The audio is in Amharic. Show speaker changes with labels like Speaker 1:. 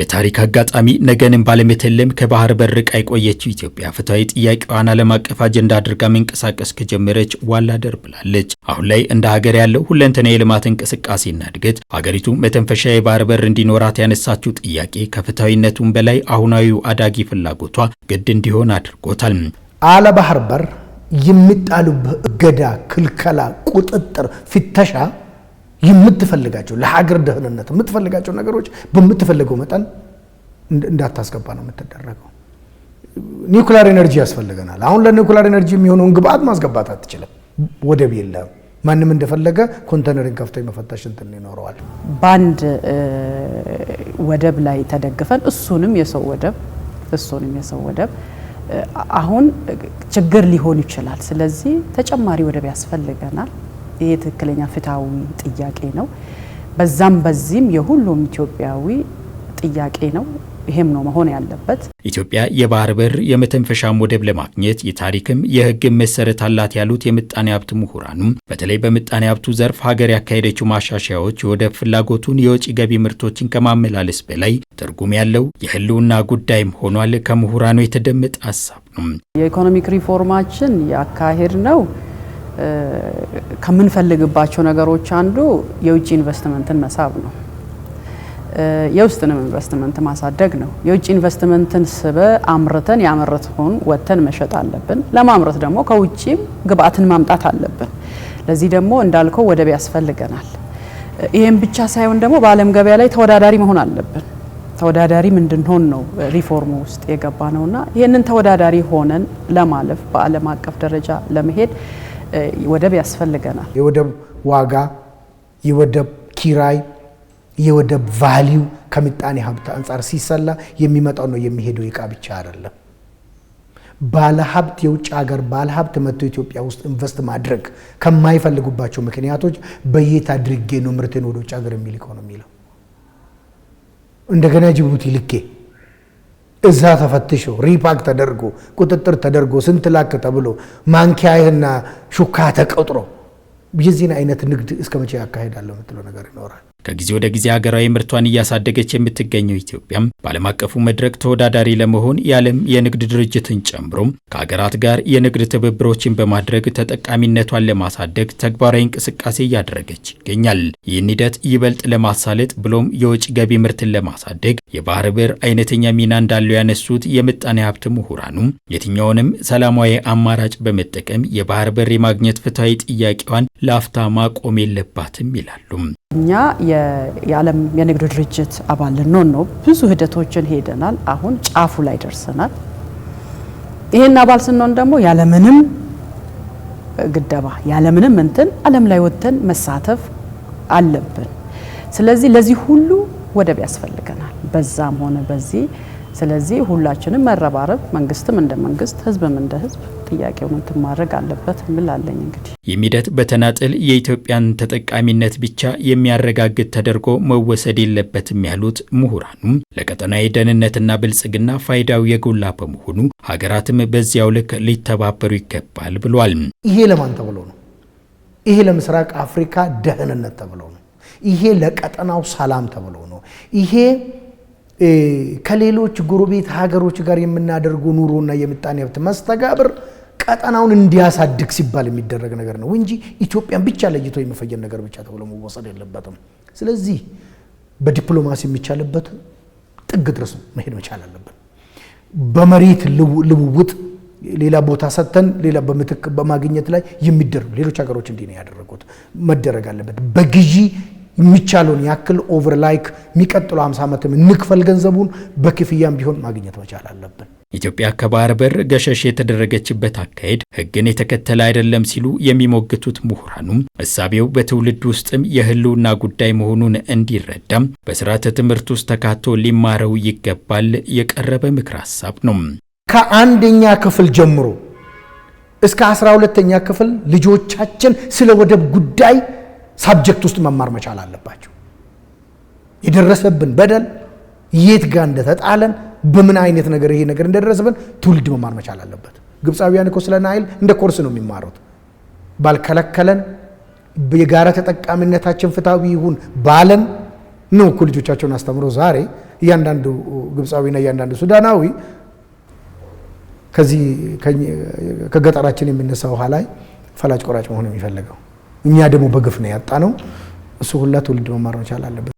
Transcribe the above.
Speaker 1: በታሪክ አጋጣሚ ነገንም ባለመተለም ከባህር በር ርቃ የቆየችው ኢትዮጵያ ፍትሐዊ ጥያቄዋን ዓለም አቀፍ አጀንዳ አድርጋ መንቀሳቀስ ከጀመረች ዋላ ደር ብላለች። አሁን ላይ እንደ ሀገር ያለው ሁለንተና የልማት እንቅስቃሴና እድገት ሀገሪቱ መተንፈሻ የባህር በር እንዲኖራት ያነሳችው ጥያቄ ከፍትሐዊነቱም በላይ አሁናዊው አዳጊ ፍላጎቷ ግድ እንዲሆን አድርጎታል።
Speaker 2: አለ ባህር በር የሚጣሉብህ እገዳ፣ ክልከላ፣ ቁጥጥር፣ ፍተሻ የምትፈልጋቸው ለሀገር ደህንነት የምትፈልጋቸው ነገሮች በምትፈልገው መጠን እንዳታስገባ ነው የምትደረገው። ኒውክሊየር ኤነርጂ ያስፈልገናል። አሁን ለኒውክሊየር ኤነርጂ የሚሆነውን ግብአት ማስገባት አትችልም። ወደብ የለም። ማንም እንደፈለገ ኮንቴነርን ከፍቶ የመፈተሽ እንትን ይኖረዋል።
Speaker 3: በአንድ ወደብ ላይ ተደግፈን እሱንም የሰው ወደብ እሱንም የሰው ወደብ አሁን ችግር ሊሆን ይችላል። ስለዚህ ተጨማሪ ወደብ ያስፈልገናል። ይሄ ትክክለኛ ፍትሐዊ ጥያቄ ነው። በዛም በዚህም የሁሉም ኢትዮጵያዊ ጥያቄ ነው። ይሄም ነው መሆን ያለበት።
Speaker 1: ኢትዮጵያ የባህር በር የመተንፈሻም ወደብ ለማግኘት የታሪክም የሕግም መሰረት አላት ያሉት የምጣኔ ሀብት ምሁራኑም በተለይ በምጣኔ ሀብቱ ዘርፍ ሀገር ያካሄደችው ማሻሻያዎች የወደብ ፍላጎቱን የወጪ ገቢ ምርቶችን ከማመላለስ በላይ ትርጉም ያለው የህልውና ጉዳይም ሆኗል። ከምሁራኑ የተደመጠ ሀሳብ ነው።
Speaker 3: የኢኮኖሚክ ሪፎርማችን ያካሄድ ነው ከምንፈልግባቸው ነገሮች አንዱ የውጭ ኢንቨስትመንትን መሳብ ነው። የውስጥንም ኢንቨስትመንት ማሳደግ ነው። የውጭ ኢንቨስትመንትን ስበ አምርተን ያመረት ሆን ወጥተን መሸጥ አለብን። ለማምረት ደግሞ ከውጭም ግብአትን ማምጣት አለብን። ለዚህ ደግሞ እንዳልከው ወደብ ያስፈልገናል። ይህም ብቻ ሳይሆን ደግሞ በዓለም ገበያ ላይ ተወዳዳሪ መሆን አለብን። ተወዳዳሪም እንድንሆን ነው ሪፎርሙ ውስጥ የገባ ነውና ይህንን ተወዳዳሪ ሆነን ለማለፍ በዓለም አቀፍ ደረጃ ለመሄድ ወደብ ያስፈልገናል።
Speaker 2: የወደብ ዋጋ፣ የወደብ ኪራይ፣ የወደብ ቫሊው ከምጣኔ ሀብት አንጻር ሲሰላ የሚመጣው ነው የሚሄደው እቃ ብቻ አይደለም። ባለሀብት የውጭ ሀገር ባለሀብት መጥቶ ኢትዮጵያ ውስጥ ኢንቨስት ማድረግ ከማይፈልጉባቸው ምክንያቶች በየት አድርጌ ነው ምርቴን ወደ ውጭ ሀገር የሚልከው ነው የሚለው እንደገና ጅቡቲ ልኬ እዛ ተፈትሾ ሪፓክ ተደርጎ ቁጥጥር ተደርጎ ስንት ላክ ተብሎ ማንኪያህና ሹካ ተቆጥሮ የዚህን አይነት ንግድ እስከ መቼ ያካሄዳለሁ የምትለው ነገር ይኖራል።
Speaker 1: ከጊዜ ወደ ጊዜ ሀገራዊ ምርቷን እያሳደገች የምትገኘው ኢትዮጵያም በዓለም አቀፉ መድረክ ተወዳዳሪ ለመሆን የዓለም የንግድ ድርጅትን ጨምሮም ከሀገራት ጋር የንግድ ትብብሮችን በማድረግ ተጠቃሚነቷን ለማሳደግ ተግባራዊ እንቅስቃሴ እያደረገች ይገኛል። ይህን ሂደት ይበልጥ ለማሳለጥ ብሎም የውጭ ገቢ ምርትን ለማሳደግ የባህር በር አይነተኛ ሚና እንዳለው ያነሱት የምጣኔ ሀብት ምሁራኑ የትኛውንም ሰላማዊ አማራጭ በመጠቀም የባህር በር የማግኘት ፍትሐዊ ጥያቄዋን ላፍታ ማቆም የለባትም ይላሉ።
Speaker 3: እኛ የዓለም የንግድ ድርጅት አባል ልንሆን ነው። ብዙ ሂደቶችን ሄደናል። አሁን ጫፉ ላይ ደርሰናል። ይሄን አባል ስንሆን ደግሞ ያለምንም ግደባ ያለምንም እንትን ዓለም ላይ ወጥተን መሳተፍ አለብን። ስለዚህ ለዚህ ሁሉ ወደብ ያስፈልገናል። በዛም ሆነ በዚህ ስለዚህ ሁላችንም መረባረብ መንግስትም እንደ መንግስት ህዝብም እንደ ህዝብ ጥያቄውን እንትን ማድረግ አለበት የሚል አለኝ። እንግዲህ
Speaker 1: የሚደት በተናጥል የኢትዮጵያን ተጠቃሚነት ብቻ የሚያረጋግጥ ተደርጎ መወሰድ የለበትም ያሉት ምሁራኑም ለቀጠናዊ ደህንነትና ብልጽግና ፋይዳው የጎላ በመሆኑ ሀገራትም በዚያው ልክ ሊተባበሩ ይገባል ብሏል።
Speaker 2: ይሄ ለማን ተብሎ ነው? ይሄ ለምስራቅ አፍሪካ ደህንነት ተብሎ ነው። ይሄ ለቀጠናው ሰላም ተብሎ ነው። ይሄ ከሌሎች ጎረቤት ሀገሮች ጋር የምናደርገው ኑሮና የምጣኔ ሀብት መስተጋብር ቀጠናውን እንዲያሳድግ ሲባል የሚደረግ ነገር ነው እንጂ ኢትዮጵያን ብቻ ለይቶ የመፈየን ነገር ብቻ ተብሎ መወሰድ የለበትም። ስለዚህ በዲፕሎማሲ የሚቻልበት ጥግ ድረስ መሄድ መቻል አለብን። በመሬት ልውውጥ ሌላ ቦታ ሰጥተን ሌላ በምትክ በማግኘት ላይ የሚደረጉ ሌሎች ሀገሮች እንዲህ ነው ያደረጉት፣ መደረግ አለበት። በግዢ የሚቻለውን ያክል ኦቨር ላይክ የሚቀጥለው 50 ዓመትም እንክፈል ገንዘቡን በክፍያም ቢሆን ማግኘት መቻል አለብን።
Speaker 1: ኢትዮጵያ ከባህር በር ገሸሽ የተደረገችበት አካሄድ ሕግን የተከተለ አይደለም ሲሉ የሚሞግቱት ምሁራኑም እሳቤው በትውልድ ውስጥም የህልውና ጉዳይ መሆኑን እንዲረዳም በስርዓተ ትምህርት ውስጥ ተካቶ ሊማረው ይገባል የቀረበ ምክር ሀሳብ ነው።
Speaker 2: ከአንደኛ ክፍል ጀምሮ እስከ አስራ ሁለተኛ ክፍል ልጆቻችን ስለ ወደብ ጉዳይ ሳብጀክት ውስጥ መማር መቻል አለባቸው። የደረሰብን በደል የት ጋር እንደተጣለን በምን አይነት ነገር ይሄ ነገር እንደደረሰብን ትውልድ መማር መቻል አለበት። ግብፃዊያን እኮ ስለ ናይል እንደ ኮርስ ነው የሚማሩት። ባልከለከለን የጋራ ተጠቃሚነታችን ፍትሐዊ ይሁን ባለን ነው እኮ ልጆቻቸውን አስተምሮ ዛሬ እያንዳንዱ ግብፃዊና እያንዳንዱ ሱዳናዊ ከዚህ ከገጠራችን የሚነሳ ውሃ ላይ ፈላጭ ቆራጭ መሆን የሚፈልገው እኛ ደግሞ በግፍ ነው ያጣ ነው። እሱ ሁላ ትውልድ መማር መቻል አለበት።